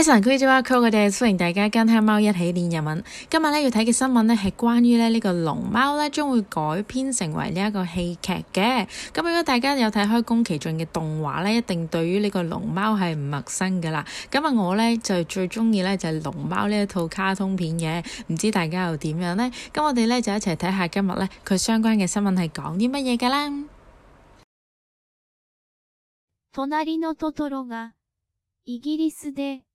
歡迎大家跟黑貓一起練日文。今日咧要睇嘅新聞呢，係關於咧呢個龍貓咧將會改編成為呢一個戲劇嘅。咁如果大家有睇開宮崎駿嘅動畫咧，一定對於呢個龍貓係唔陌生噶啦。咁啊，我咧就最中意咧就係龍貓呢一套卡通片嘅。唔知大家又點樣呢？咁我哋咧就一齊睇下今日咧佢相關嘅新聞係講啲乜嘢噶啦。隣のトトロがイギリスで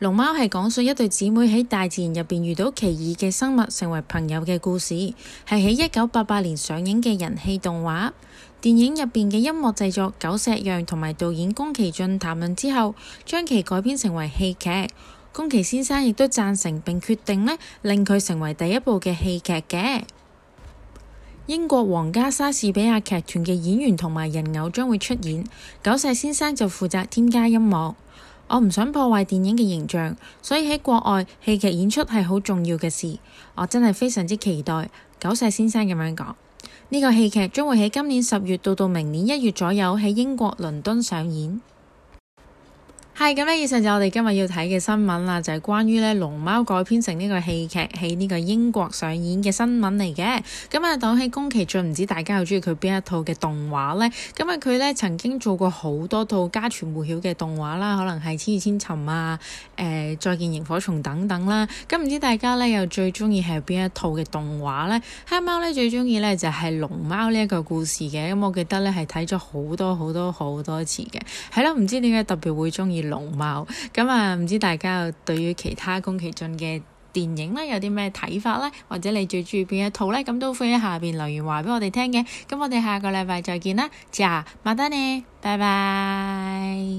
《龍貓》係講述一對姊妹喺大自然入邊遇到奇異嘅生物，成為朋友嘅故事，係喺一九八八年上映嘅人氣動畫。電影入邊嘅音樂製作，久石讓同埋導演宮崎駿談論之後，將其改編成為戲劇。宮崎先生亦都贊成並決定咧，令佢成為第一部嘅戲劇嘅。英國皇家莎士比亞劇團嘅演員同埋人偶將會出演，久石先生就負責添加音樂。我唔想破壞電影嘅形象，所以喺國外戲劇演出係好重要嘅事。我真係非常之期待。九世先生咁樣講，呢個戲劇將會喺今年十月到到明年一月左右喺英國倫敦上演。係咁咧，以上就我哋今日要睇嘅新聞啦，就係、是、關於呢龍貓改編成呢個戲劇喺呢個英國上演嘅新聞嚟嘅。咁、嗯、啊，講起宮崎駿，唔知大家又中意佢邊一套嘅動畫呢？咁、嗯、啊，佢呢曾經做過好多套家傳戶曉嘅動畫啦，可能係千與千尋啊、誒、呃、再見螢火蟲等等啦。咁、嗯、唔知大家呢又最中意係邊一套嘅動畫呢？黑貓呢最中意呢就係龍貓呢一個故事嘅。咁、嗯、我記得呢係睇咗好多好多好多多次嘅。係、嗯、啦，唔知點解特別會中意。龍貓咁啊，唔、嗯、知大家又對於其他宮崎駿嘅電影咧有啲咩睇法咧，或者你最中意邊一套咧？咁都歡迎下邊留言話畀我哋聽嘅。咁我哋下個禮拜再見啦，じゃあまたね，拜拜。